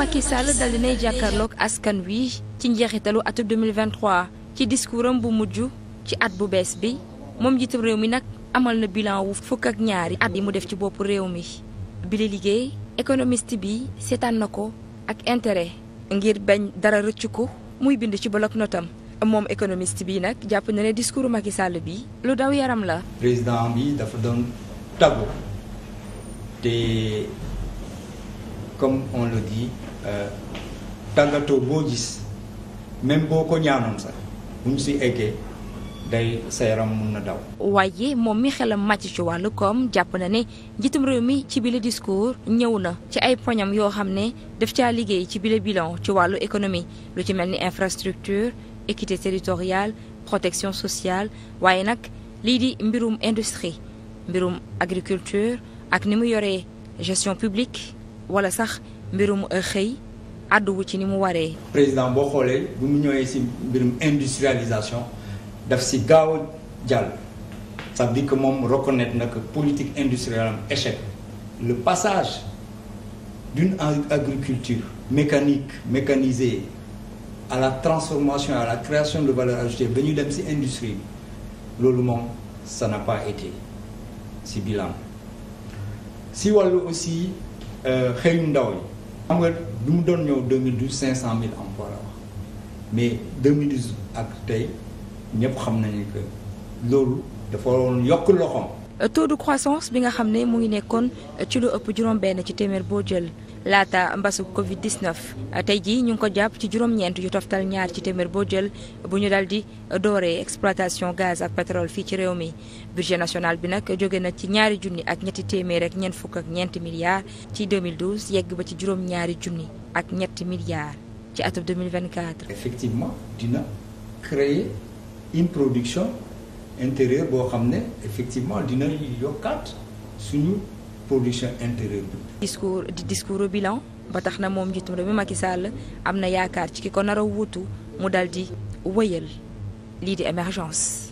Macky Sall dal dinay jàkkaarloog askan wi ci njeexitalu atum 2023 ci discours bu mujj ci at bu bees bi moom jiitam réew mi nag amal na bilan wu fukk ak ñaari at yi mu def ci boppu réew mi bi la liggéey économiste bi seetaan na ko ak intérêt ngir bañ dara rëcc ko muy bind ci bloc notam moom économiste bi nag jàpp na ne discours Macky Sall bi lu daw yaram la président bi dafa Euh, tàggatoo boo gis même boo ko ñaanoon sax buñ si eggee day sa yaram mun na daw. waaye moom mi xelam màcc ci wàllu koom jàpp na ne njiitum réew mi ci bile discours ñëw na ci ay poñam yoo xam ne def caa liggéey ci bile bilan ci wàllu économie lu ci mel ni infrastructure équité territoriale protection sociale waaye nag lii di mbirum industrie mbirum agriculture ak ni mu yore gestion publique walla sax. mbirum euh, xëy àdduwu ci ni mu waree. président boo xoolee bu mu ñëwee si mbirum industrialisation daf si gaaw a jàll ça veut dire que moom reconnaître na que politique industrielle am échec le passage d'une agriculture mécanique mécanisée à la transformation à la création de valeur ajoutée ba ñu dem si industrie loolu moom ça n'a pas été si bilan si wàllu aussi euh, xëyu ndaw yi xam nga lu mu doon ñëw 2012 500 000 emplois la wax mais 2012 ak tey ñëpp xam nañu que loolu dafa waroon yokk loxoom. taux de croissance bi nga xam ne mu ngi nekkoon eh, ci lu ëpp juróom-benn ci téeméer boo jël laata mbasu Covid 19 eh, tey jii ñu ngi ko jàpp ci juróom-ñeent yu toftal ñaar ci téeméer boo jël bu ñu daal di dooree exploitation gaz ak pétrole fii ci réew mi budget national bi nag jóge na ci ñaari junni ak ñetti téeméer ak ñeent fukk ak ñeenti milliards ci 2012 yegg ba ci juróom-ñaari junni ak ñetti milliards ci atum 2024. effectivement dina créer une production. intérieur boo xam ne effectivement dina yokkaat suñu production intérieure bi. discours di discours bilan ba tax na moom njiitu réew mi Macky Sall am na yaakaar ci ki ko nar wutu mu dal di wëyal lii di émergence.